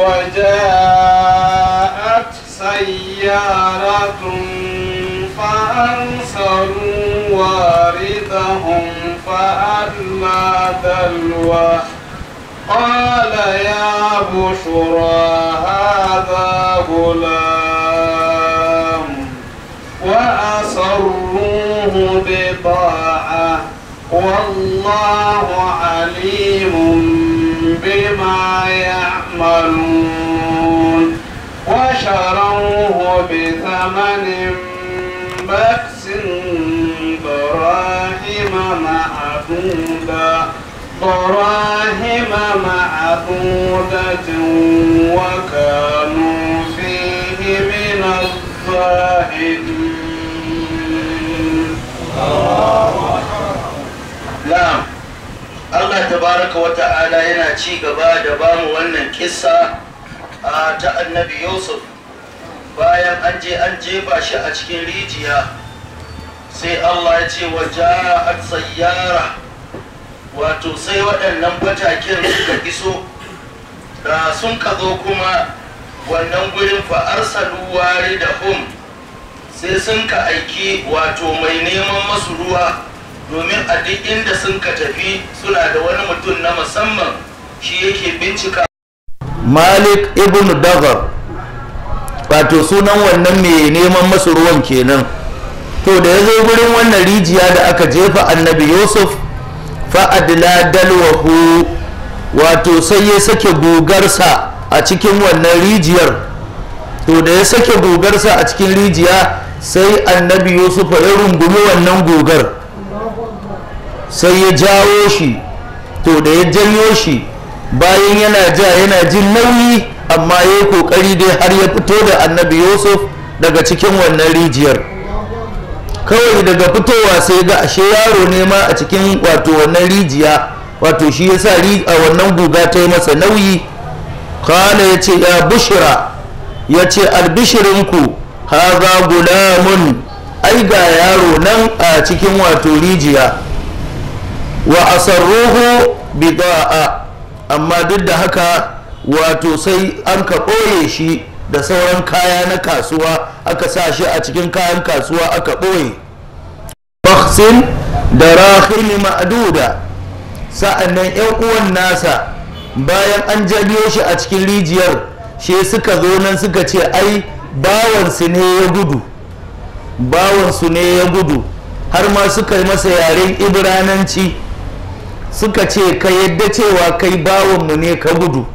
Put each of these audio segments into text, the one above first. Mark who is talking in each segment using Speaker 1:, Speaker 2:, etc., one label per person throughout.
Speaker 1: وجاءت سيارة فأرسلوا واردهم فأدلى دلوه قال يا بشرى هذا غلام وأسروه بطاعة والله عليم بما يعلم يعملون وشروه بثمن بأس دراهم معدودة دراهم معدودة وكانوا Allah
Speaker 2: tabaraka wa ta'ala yana ci gaba da bamu wannan kissa ta annabi Yusuf bayan an je an jefa shi a cikin rijiya sai Allah ya ce wa ja'at sayyara wato sai waɗannan fatakin suka iso da sun ka zo kuma wannan gurin fa'arsalu wari da hum sai sun ka aiki wato mai neman masu ruwa domin a duk inda sun ka tafi suna da wani mutum na musamman shi yake bincika malik ibn dagar wato sunan wannan mai neman masu ruwan kenan to da ya zo gurin wannan rijiya da aka jefa annabi yusuf fa'adila dalwahu wato sai ya sake gogarsa a cikin wannan rijiyar to da ya sake gogarsa a cikin rijiya sai annabi yusuf ya rungumi wannan gogar sai ya jawo shi to da ya janyo shi bayan yana ja yana jin nauyi amma ya yi kokari dai har ya fito da annabi yusuf daga cikin wannan rijiyar kawai daga fitowa sai ga ashe yaro ne ma a cikin wato wannan rijiya wato shi ya sa a wannan guga ta yi masa nauyi kala ya ce ya bishira ya ce albishirinku haza gulamun ai ga yaro nan a cikin wato rijiya wa asarruhu bida'a amma duk da haka wato sai an ka ɓoye shi da sauran kaya na kasuwa aka sa shi a cikin kayan kasuwa aka ɓoye baksin da rahimi ma'aduda sa'annan 'yan uwan nasa bayan an jabiyo shi a cikin rijiyar shi suka zo nan suka ce ai bawansu ne ya gudu bawansu ne ya gudu har ma suka yi masa yaren ibrananci suka ce ka yadda cewa kai bawanmu ne ka gudu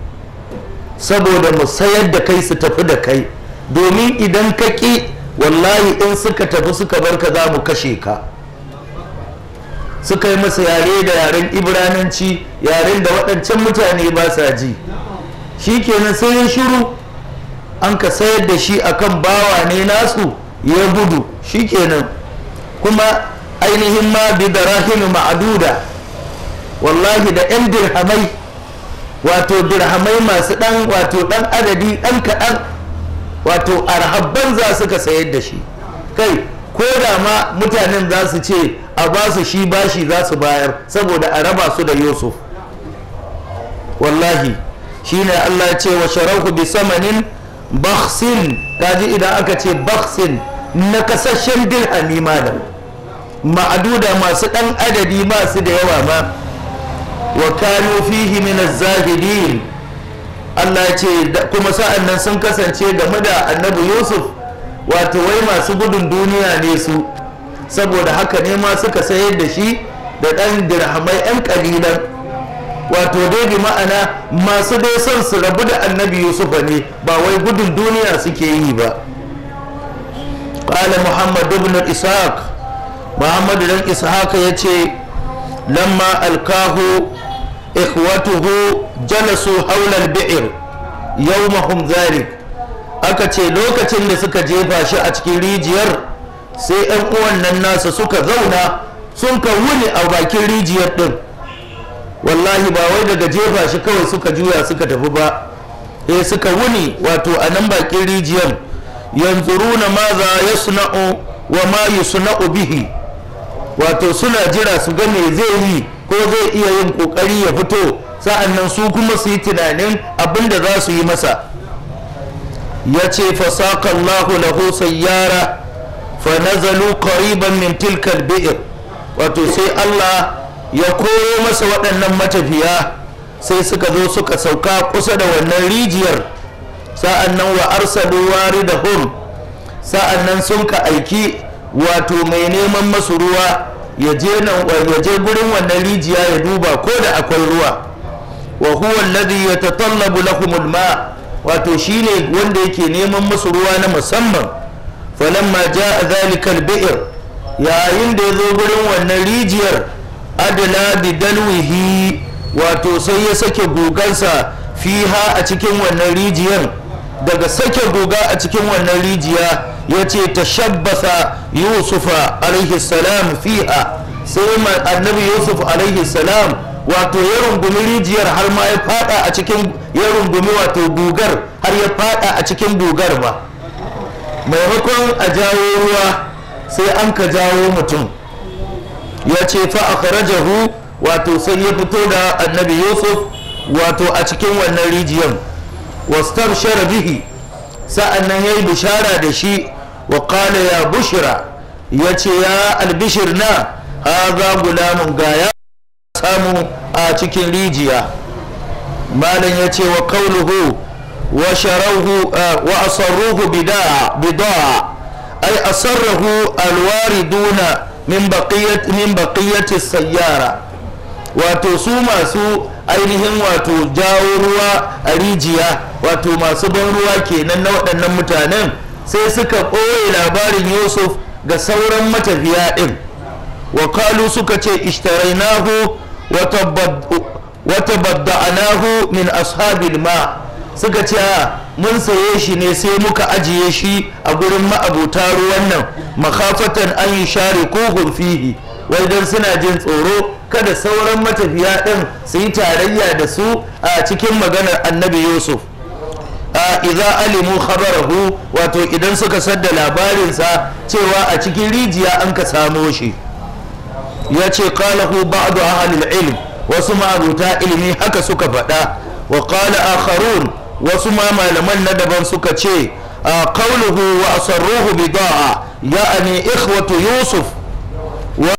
Speaker 2: saboda mu sayar da kai su tafi da kai domin idan ka ƙi wallahi in suka tafi suka bar ka za mu kashe ka suka yi masa yare da yaren ibrananci yaren da waɗancan mutane ba sa ji shi kenan sai ya shiru an ka sayar da shi akan bawa ne nasu ya gudu shi kenan kuma ainihin ma bi da rahimu ma'aduda wallahi da 'yan dirhamai wato dirhamai masu ɗan wato ɗan adadi ɗan kaɗan wato arhabban za su ka sayar da shi kai ko da ma mutanen za su ce a ba su shi bashi za su bayar saboda a raba su da yusuf wallahi shi ne allah ce wa sharahu bi samanin baksin kaji idan aka ce baksin na kasashen dirhami malam ma'aduda masu ɗan adadi su da yawa ma wa kanu fihi min az-zahidin Allah ce kuma sa'an nan sun kasance game da annabi Yusuf wato wai masu gudun duniya ne su saboda haka ne ma suka sayar da shi da ɗan dirhamai ɗan ƙalilan wato dai bi ma'ana masu dai son su rabu da annabi Yusuf ne ba wai gudun duniya suke yi ba Qala Muhammad ibn Ishaq Muhammad dan Ishaq ya ce lamma alkahu ikhwatuhu jalasu haulal bi'ir yawmahum zalik aka ce lokacin da suka jefa shi a cikin rijiyar sai yan uwan nan nasa suka zauna sun ka wuni a bakin rijiyar din wallahi ba wai daga jefa shi kawai suka juya suka tafi ba eh suka wuni wato a nan bakin rijiyar yanzu yanzuruna maza yasna'u wa ma yusna'u bihi wato suna jira su ga zai yi ko zai iya yin kokari ya fito sa'annan su kuma su yi tunanin abin da za su yi masa ya ce fasakallahu lahu sayyara fa nazalu qariban min bi'r wato sai Allah ya koyo masa waɗannan matafiya sai suka zo suka sauka kusa da wannan rijiyar sa'annan wa arsalu waridahum sa'annan sun ka aiki wato mai neman masu ruwa ya je gurin wannan rijiya ya duba ko da akwai ruwa wa huwa alladhi yatatallabu lahum alma wato shine wanda yake neman musu ruwa na musamman falamma jaa dhalika albi'r yayin da ya zo gurin wannan rijiyar adala bi dalwihi wato sai ya sake gogansa fiha a cikin wannan rijiyar daga sake goga a cikin wannan rijiya ya ce ta shabbasa yusufa alaihi salam fiha sai annabi yusuf alaihi salam wato ya rungumi rijiyar har ma ya fada a cikin ya rungumi wato har ya fada a cikin ba maimakon a jawo ruwa sai an ka jawo mutum ya ce fa akhrajahu wato sai ya fito da annabi yusuf wato a cikin wannan rijiyar wastar bihi nan ya yi bishara da shi wa qala ya bushra yace ya albishir na haza gulamun ga ya samu a cikin rijiya malam yace wa qawluhu wa sharahu wa asarruhu bida'a bida'a ay asarrahu alwariduna min min baqiyati sayyara wato su masu ainihin wato jawo ruwa a rijiya wato masu ban ruwa kenan na waɗannan mutanen sai suka ɓoye labarin yusuf ga sauran matafiya ɗin wakalu suka ce ishtarainahu wata anahu min ashabin ma suka ce mun saye shi ne sai muka ajiye shi a gurin ma'abuta ruwan nan makafatan an yi share ko fihi wai don suna jin tsoro kada sauran matafiya ɗin su yi tarayya da su a cikin maganar annabi yusuf idza alimu khabarahu wato idan suka sadda labarinsa cewa a cikin rijiya an ka samo shi ya ce qalahu ba'du ahlil ilm wasu ma'abuta ilimi haka suka faɗa wa qala akharun wasu ma malaman na daban suka ce qawluhu wa asarruhu bida'a ya'ani ikhwatu yusuf wa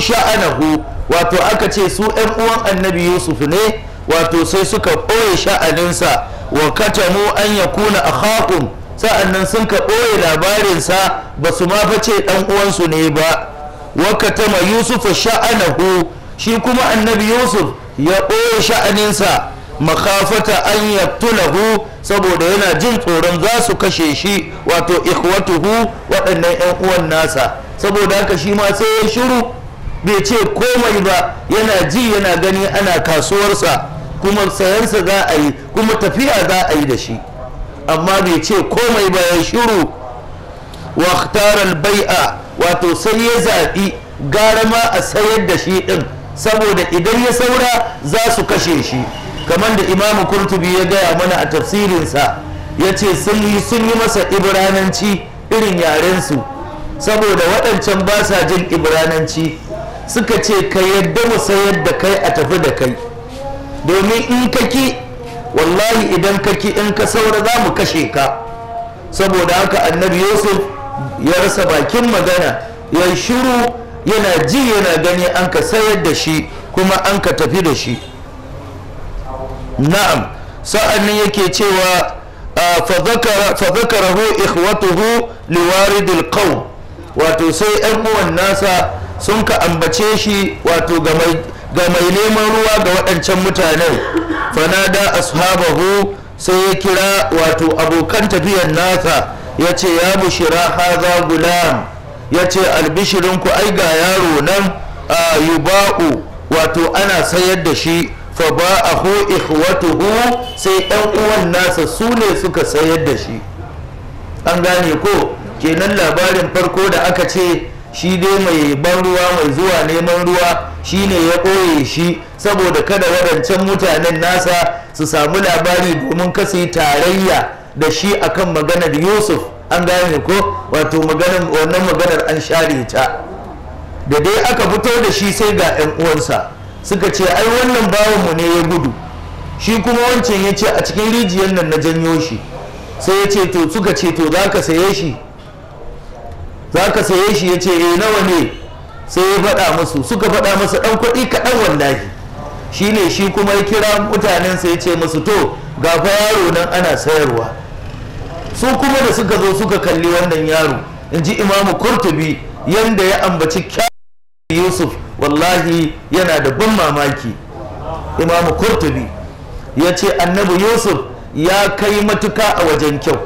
Speaker 2: sha'anahu wato aka ce su 'yan uwan annabi yusuf ne wato sai suka ɓoye sha'aninsa wa katamu an a haƙun sa'annan sun ka ɓoye labarinsa ba su ma face ɗan uwansu ne ba wa katama yusufu sha'anahu shi kuma annabi yusuf ya ɓoye sha'aninsa makafata an ya tunahu saboda yana jin tsoron za su kashe shi wato ikwatuhu waɗannan 'yan uwan nasa saboda haka shi ma sai ya shiru bai ce komai ba yana ji yana gani ana kasuwarsa kuma sayansa za a yi kuma tafiya za a yi da shi amma bai ce komai ba ya shiru wa a wato sai ya zaɓi gara ma a sayar da shi ɗin saboda idan ya saura za su kashe shi kamar da imamu kurtubi ya gaya mana a tafsirinsa ya ce sun yi masa ibrananci irin yarensu saboda waɗancan ba sa jin ibrananci suka ce ka yadda mu sayar da kai a tafi da kai domin in kaki wallahi idan kaki in ka saura za mu kashe ka saboda haka annabi yusuf ya rasa bakin magana ya shiru yana ji yana gani an ka sayar da shi kuma an ka tafi da shi na'am sa'annan yake cewa fadakarahu ikhwatuhu liwaridil qaum wato sai yan uwan nasa sun ka ambace shi wato ga ga mai neman ruwa ga waɗancan mutanen fanada ashabahu sai ya kira wato abokan tafiyar nasa ya ce ya bushira haza gulam ya ce albishirinku ai ga yaro nan a yuba'u wato ana sayar da shi fa ba a ba'ahu ikhwatuhu sai ɗan uwan nasa su ne suka sayar da shi an gane ko kenan labarin farko da aka ce shi dai mai ban ruwa mai zuwa neman ruwa shi ne ya ɓoye shi saboda kada waɗancan mutanen nasa su samu labari domin kasa yi tarayya da shi akan maganar yusuf an gane ko wato maganar wannan maganar an share ta da dai aka fito da shi sai ga 'yan uwansa suka ce ai wannan bawanmu ne ya gudu shi kuma wancan ya ce a cikin rijiyar nan na janyo shi sai ya ce to suka ce to za ka saye shi za ka saye shi ya ce e nawa ne sai ya faɗa musu suka faɗa masa ɗan kuɗi kaɗan wallahi ne shi kuma ya kira mutanen sai ya ce musu to ga fa yaro nan ana sayarwa su kuma da suka zo suka kalli wannan yaro in ji imamu kurtubi yanda ya ambaci kyawun yusuf wallahi yana da ban mamaki imamu kurtubi ya ce annabi yusuf ya kai matuka a wajen kyau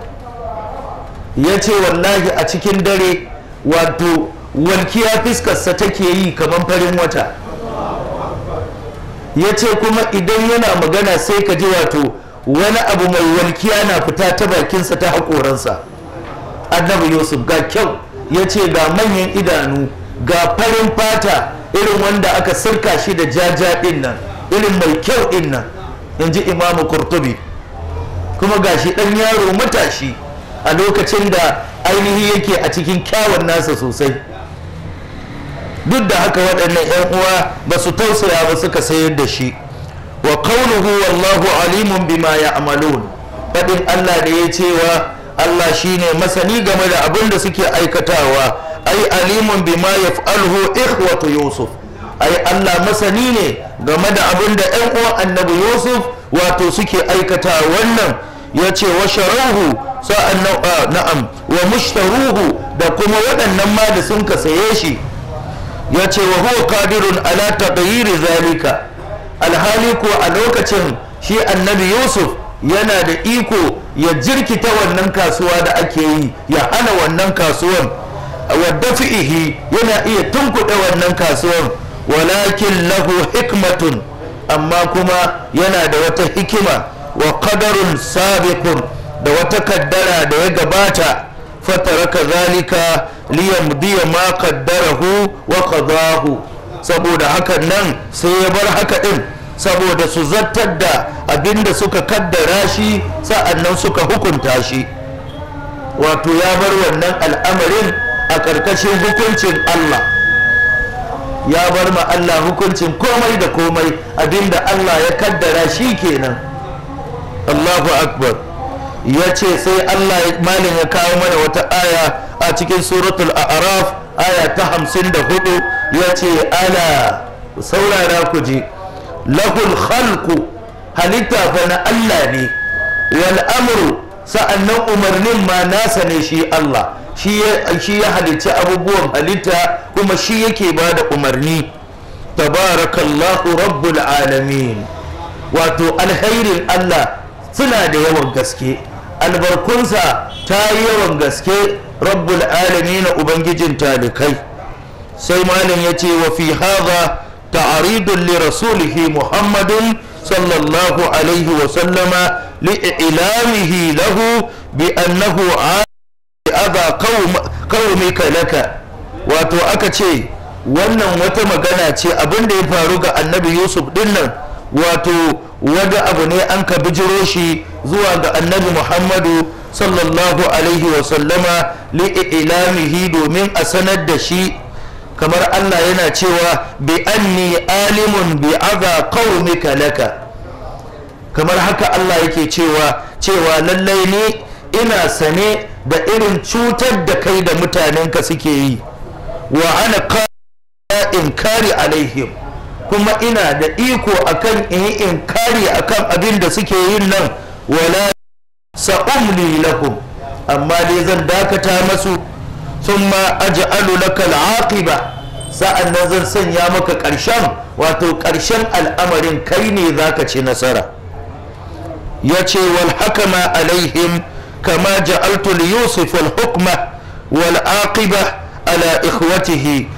Speaker 2: ya ce wallahi a cikin dare wato walkiya fiskarsa take yi kamar farin wata ya ce kuma idan yana magana sai ka ji wato wani abu mai walkiya na fita ta bakinsa ta haƙoransa annabi yusuf ga kyau ya ce ga manyan idanu ga farin fata irin wanda aka sirka shi da jaja din nan irin mai kyau din nan in ji imamu kurtubi kuma ga shi ɗan yaro matashi a lokacin da ainihi yake a cikin kyawun nasa sosai duk da haka waɗannan 'yan uwa ba su tausaya ba suka sayar da shi wa qawluhu wallahu alimun bima ya'malun Faɗin Allah da ya cewa Allah shine masani game da abin da suke aikatawa ai alimun bima yaf'aluhu ikhwatu yusuf ai Allah masani ne game da abin da ƴan uwan annabi yusuf wato suke aikata wannan ya ce wa sharahu sa'an ah, na'am wa mushtaruhu da kuma waɗannan ma da sun ka saye shi ya ce wa huwa qadirun ala taghyiri zalika alhali ko a lokacin shi annabi yusuf yana da iko ya jirkita wannan kasuwa da ake yi ya hana wannan kasuwan wadda dafihi yana iya tunkuɗe wannan kasuwan walakin lahu hikmatun amma kuma yana da wata hikima wa qadarun sabiqun da wata kaddara da ya gabata fataraka zalika liyamdiya ma qaddarahu wa qadahu saboda hakan nan sai ya bar haka din saboda su zartar da abinda suka kaddara shi sa'annan suka hukunta shi wato ya bar wannan al'amarin a ƙarƙashin hukuncin Allah ya bar ma Allah hukuncin komai da komai abinda Allah ya kaddara shi kenan Allahu akbar ya ce sai Allah malin ya kawo mana wata aya a cikin suratul a'raf aya ta hamsin da hudu ya ce ala saurara ku ji lahul khalqu halitta fa na Allah ne wal amru sa'annan umarnin ma nasa ne shi Allah shi ya halicci abubuwan halitta kuma shi yake ba da umarni tabarakallahu rabbul alamin wato alhairin Allah suna da yawan gaske albarkunsa ta yi yawan gaske rabbul alami na ubangijin talikai sai malam ya ce wa fi haza ta'aridun li rasulihi muhammadin sallallahu alaihi wa sallama ilamihi lahu bi annahu aza kawumi laka wato aka ce wannan wata magana ce abin da ya faru ga annabi yusuf dinnan wato wani abu ne an ka bijiro shi zuwa ga annabi muhammadu sallallahu alaihi wasallama li'ilamihi domin a sanar da shi kamar allah yana cewa bi anni alimun bi aza qaumika laka kamar haka allah yake cewa cewa lallai ne ina sane da irin cutar da kai da mutanenka suke yi wa ana in kari alaihim kuma ina da iko akan in in kare akan abin da suke yin nan wala sa'umli lahum amma dai zan dakata masu ma aj'alu laka al'aqiba sa'an nan zan sanya maka ƙarshen wato ƙarshen al'amarin kai ne zaka ci nasara yace wal hakama alaihim kama ja'altu li yusuf al hukma wal aqiba ala ikhwatihi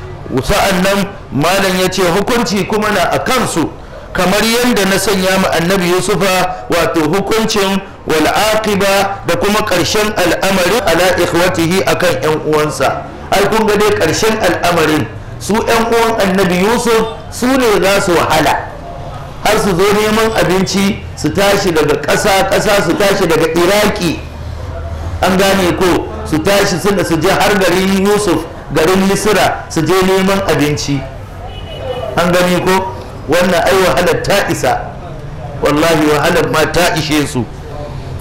Speaker 2: sa'an nan malam ya ce hukunci kuma na a kansu kamar yadda na sanya ma annabi yusufa wato hukuncin wal'aqiba da kuma ƙarshen al'amarin ala ikhwatihi kan yan uwansa ai kun ga dai ƙarshen al'amarin su yan uwan annabi yusuf su ne za su wahala har su zo neman abinci su tashi daga ƙasa ƙasa su tashi daga iraki an gane ko su tashi suna su je har garin yusuf garin misira su je neman abinci an gani ko wannan ai wahalar ta isa wallahi wahalar ma ta ishe su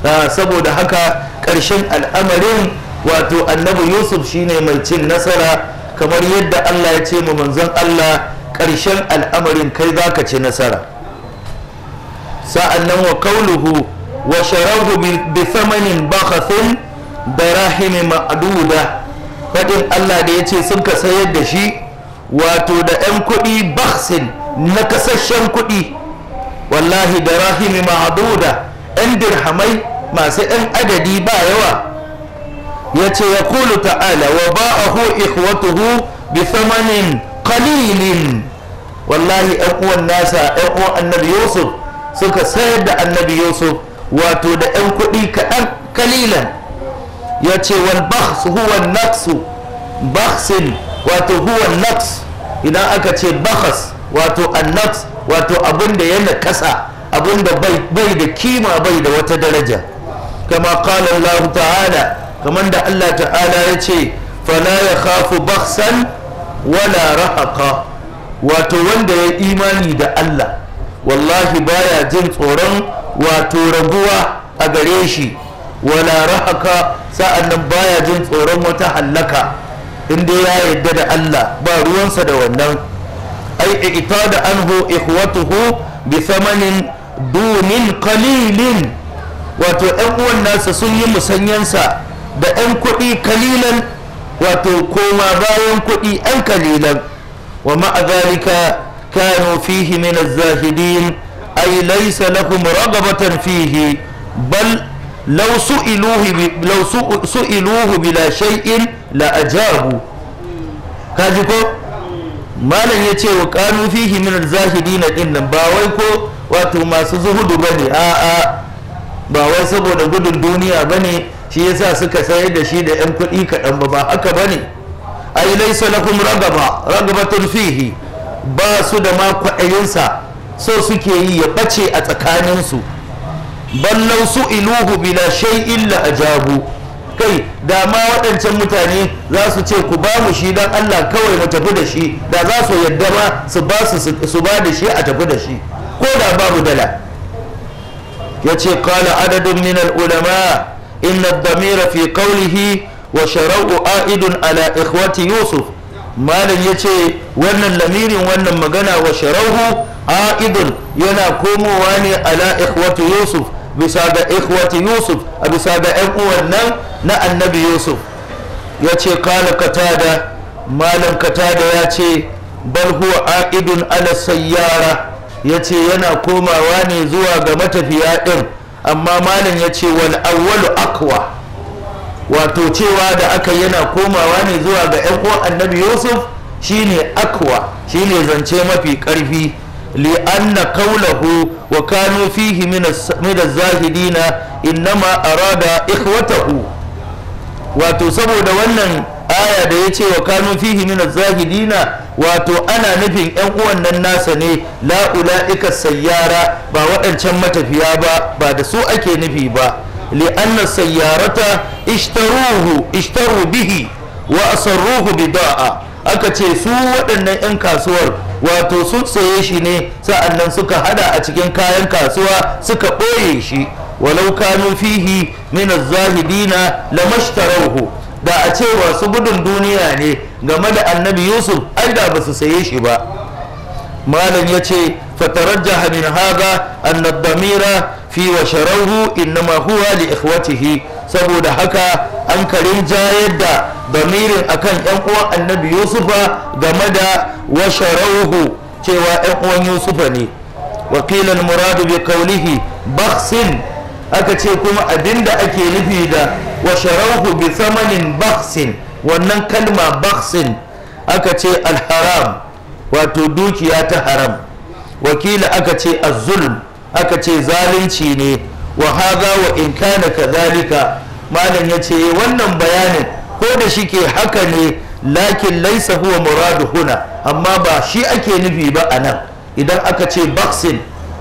Speaker 2: ah, saboda haka karshen al'amarin wato annabi yusuf shine mai cin nasara kamar yadda allah ya ce mu manzon allah ƙarshen al'amarin kai za ka ci nasara sa'an nan wa kauluhu wa sharahu bi thamanin bakhasin da rahimi ma'aduda faɗin allah da ya ce sun ka sayar da shi wato da 'yan kuɗi baksin na kasashen kuɗi wallahi da rahimi ma'aduda 'yan dirhamai masu 'yan adadi ba yawa ya ce ya kulu ta'ala wa ba'ahu ikhwatuhu bi thamanin qalilin wallahi 'yan uwan nasa 'yan uwan annabi yusuf suka sayar da annabi yusuf wato da 'yan kuɗi kaɗan kalilan ya ce wal bahs huwa naqsu wato huwa naqs idan aka ce bakas wato annaqs wato abin da ya nakasa abin da bai da kima bai da wata daraja kama qala Allah ta'ala kaman da Allah ta'ala ya ce fala yakhafu bakhsan wala rahaqa wato wanda ya imani da Allah wallahi baya jin tsoron wato raguwa a gare shi wala rahaka sa'annan baya jin tsoron wata hallaka in dai ya yarda da Allah ba ruwansa da wannan ai ita da anhu ikhwatuhu bi thamanin dunin qalilin wato ɗan uwan nasa sun yi musanyansa da ɗan kuɗi kalilan wato koma bayan kuɗi ɗan kalilan wa ma'a zalika kanu fihi min az-zahidin ay laysa lahum ragabatan fihi bal law su'iluhu law su'iluhu bila la kaji ko malam ya ce wa kanu fihi min zahidi na dinnan ba wai ko wato masu zuhudu bane a a ba wai saboda gudun duniya bane shi yasa suka sayar da shi da yan kuɗi kaɗan ba ba haka bane ai laisa lakum ragaba ragabatun fihi ba su da ma kwaɗayinsa so suke yi ya ɓace a tsakaninsu ballau su iluhu bila shay'in la ajabu kai da ma waɗancan mutane za su ce ku ba mu shi don Allah kawai mu tafi da shi da za su yadda ma su ba su ba da shi a tafi da shi ko da babu dala ya ce kala adadin min ulama inna damira fi qawlihi wa shara'u a'idun ala ikhwati yusuf malam ya ce wannan lamirin wannan magana wa shara'u a'idun yana komowa ne ala ikhwati yusuf bisa ga ikhwati yusuf a bisa ga yan uwan nan na annabi yusuf ya ce kala katada malam katada ya ce bal huwa aqidun ala sayyara ya ce yana komawa ne zuwa ga matafiya ɗin amma malam ya ce wal awwalu akwa wato cewa da aka yana komawa ne zuwa ga yan uwan annabi yusuf shine akwa shine zance mafi ƙarfi لأن قوله وكانوا فيه من من الزاهدين إنما أراد إخوته wato saboda wannan aya da ya ce wa fihi zahidina wato ana nufin yan uwan nasa ne laula'ika sayyara ba waɗancan matafiya ba ba da su ake nufi ba li'anna sayyarata ishtaruhu ishtaru bihi wa asarruhu bida'a aka ce su waɗannan yan kasuwar wato sun tsaye shi ne sa'annan suka hada a cikin kayan kasuwa suka ɓoye shi walau kanu fihi min zahidina lamashtarauhu da a ce wasu gudun duniya ne game da annabi yusuf ai da ba su saye shi ba malam ya ce fatarajjaha min haga annad damira fi wa in innama huwa li ikhwatihi saboda haka an karin jayar da bamirin akan yan uwan annabi yusufa game da washarauhu cewa yan uwan yusufa ne wakilan muradu bi kaulihi baksin aka ce kuma abinda ake nufi da washarauhu bi samanin baksin wannan kalma baksin aka ce alharam wato dukiya ta haram wakila aka ce azulm aka ce zalunci ne wa haga wa in kana kadhalika malam ce eh, wannan bayanin ko da shi ke haka ne lakin laisa huwa muradu huna amma ba shi ake nufi ba a nan idan aka ce baksin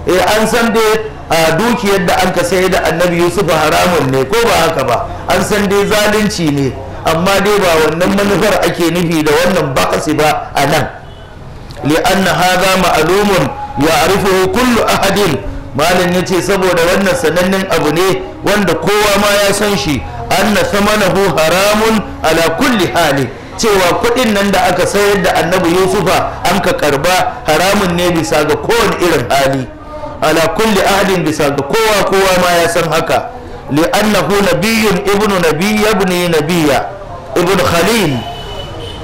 Speaker 2: eh an san dai a dukiyar da an ka sai da annabi yusuf haramun ne ko ba haka ba an san dai zalunci ne amma dai ba wannan manufar ake nufi da wannan baksi ba a nan li'anna hadha ma'lumun ya'rifuhu kullu ahadin malam yace saboda wannan sanannen abu ne wanda kowa ma ya san shi anna manahu haramun ala kulli hali cewa kuɗin nan da aka sayar da annabi yusufa an ka karba haramun ne bisa ga kowane irin hali ala kulli bisa ga kowa kowa ma ya san haka na nabiyyun ibnu nabiyya na nabiyya ibn khalil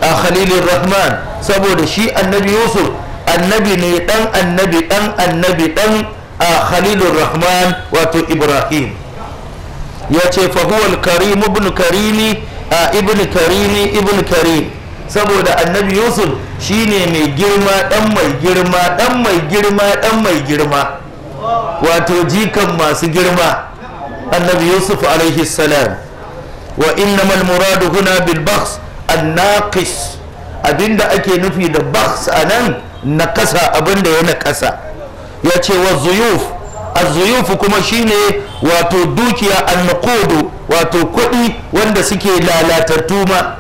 Speaker 2: a khalilin rahman saboda shi annabi yusuf annabi ne dan annabi dan annabi dan a khalilur rahman wato ibrahim ya ce fahuwal karim ibn karimi a ibn karimi ibn karim saboda annabi yusuf shine mai girma dan mai girma dan mai girma dan mai girma wato jikan masu girma annabi yusuf alaihi salam wa innamal muradu huna bil bakhs an naqis abinda ake nufi da bakhs anan nakasa abinda ya nakasa ya ce wa zuyuf az kuma shine wato dukiya an wato kuɗi wanda suke lalatattu ma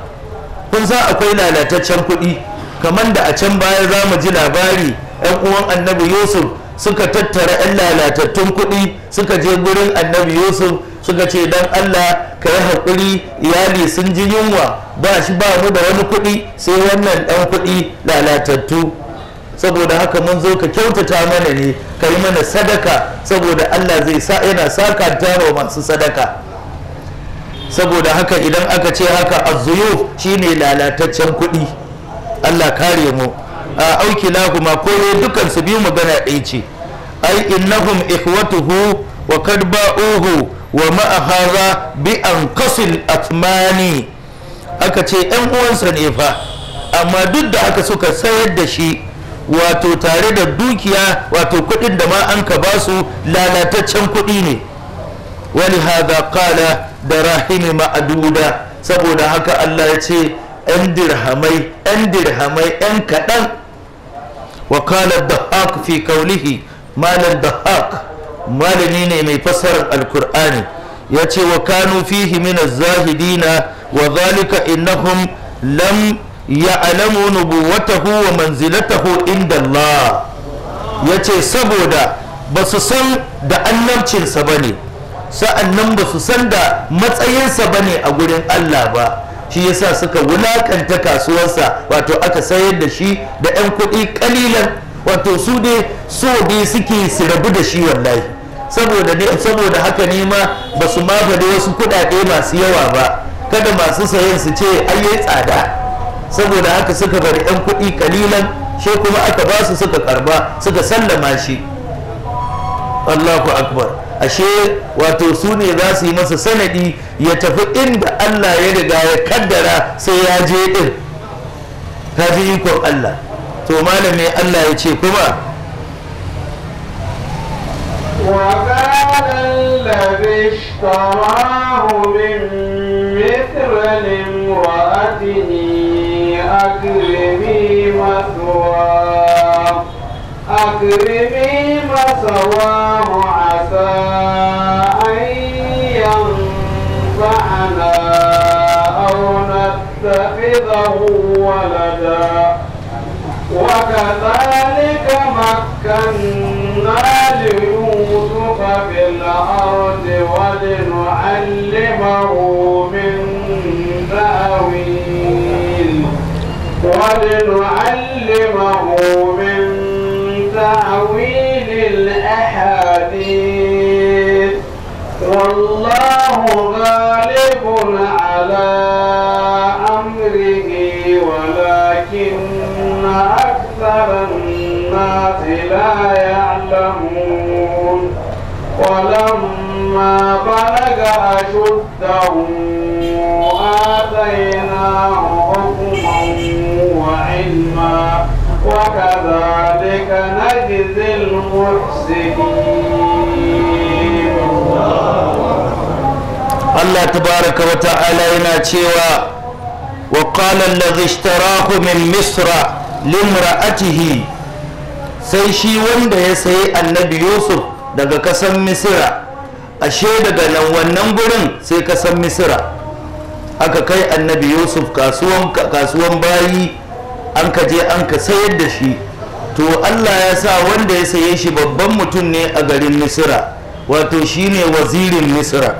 Speaker 2: kun san akwai lalataccen kuɗi kamar da a can baya za mu ji labari yan uwan annabi yusuf suka tattara 'yan lalatattun kuɗi suka je gurin annabi yusuf suka ce dan allah ka yi haƙuri iyali sun ji yunwa ba shi ba mu da wani kuɗi sai wannan ɗan kuɗi lalatattu saboda haka mun zo ka kyautata mana ne ka yi mana sadaka saboda Allah zai sa yana kanta wa masu sadaka saboda haka idan aka ce haka shi shine lalataccen kuɗi Allah kare mu a auki lahuma koyo dukan su biyu magana ɗaya ce ai innahum ikhwatuhu wa kad ba'uhu wa ma'a bi an athmani aka ce yan uwansa ne fa amma duk da aka suka sayar da shi wato tare da dukiya wato kuɗin da ma an ka ba su lalataccen kuɗi ne wani haza kala da rahimi ma'aduda saboda haka Allah ya ce ‘yan dirhamai ‘yan dirhamai ‘yan kaɗan wa kala da haq fi kaulihi malar da haq malami ne mai fasarar alkur'ani ya ce wa kanu fi himinar zahidina wa zalika innahum lam ya'lamu nubuwatahu wa manzilatahu inda Allah ya ce saboda ba su san da annabcinsa bane sa'annan ba su san da matsayinsa ba ne a gurin Allah ba shi yasa suka wulakanta kasuwarsa wato aka sayar da shi da 'yan kuɗi kalilan wato su dai so dai suke su rabu da shi wallahi saboda ne saboda haka ne ma ba su da wasu kuɗaɗe masu yawa ba kada masu sayen su ce ayyai tsada saboda haka suka bari 'yan kuɗi kalilan shi kuma aka ba su suka karba suka sallama shi allahu akbar ashe wato su ne za su yi masa sanadi ya tafi inda allah ya riga ya kaddara sai ya je din ta ji ikon allah to malamin allah ya ce kuma
Speaker 1: من مثل لامرأته أكرمي مثواه أكرمي مثواه عسى أن ينفعنا أو نتخذه ولدا وكذلك مكنا ليوسف في الأرض ولنعلمه من تأويل قد نعلمه من تأويل الأحاديث والله غالب على أمره ولكن أكثر الناس لا يعلمون ولما بلغ أشده آتيناه وكذلك نجزي المحسنين الله تبارك وتعالى
Speaker 2: يناتيوا وقال الذي اشتراه من مصر لامرأته sai shi wanda ya sayi annabi yusuf daga kasan misira ashe daga nan wannan gurin sai kasan misira aka kai annabi yusuf kasuwan bayi an ka je an ka sayar da shi to Allah ya sa wanda ya saye shi babban mutum ne a garin Misira wato shi ne wazirin Misira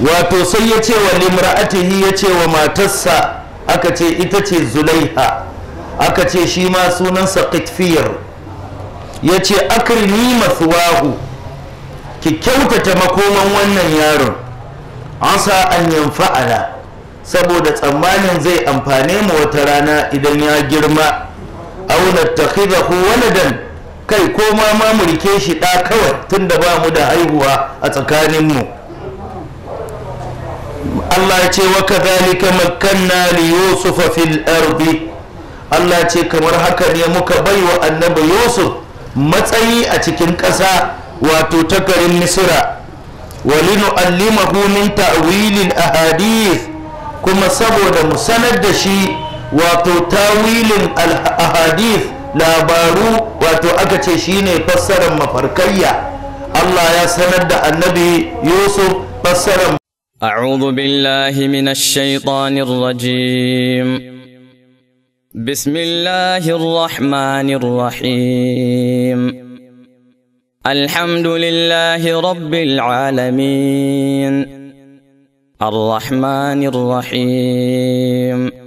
Speaker 2: wato sai ya ce wa limra'atihi ya ce wa matarsa aka ce ita ce Zulaiha aka ce shi ma sunansa Qitfiyar ya ce masu mathwahu ki kyautata makoman wannan yaron asa an yanfa'ala saboda tsammanin zai amfane mu wata rana idan ya girma auna takhidha waladan kai ko ma ma mulke shi ɗa kawai tunda ba mu da haihuwa a tsakanin mu Allah ya ce wa kadhalika makkanna li yusufa fil ardi Allah ce kamar haka ne muka baiwa annabi Yusuf matsayi a cikin ƙasa wato ta garin Misra walinu allimahu min ta'wilil ahadith كما سبود مسند دشي واتو تاويل الأحاديث لا بارو واتو أكتشيني فسر مفركية الله يا سند النبي يوسف فسر
Speaker 1: أعوذ بالله من الشيطان الرجيم بسم الله الرحمن الرحيم الحمد لله رب العالمين الرحمن الرحيم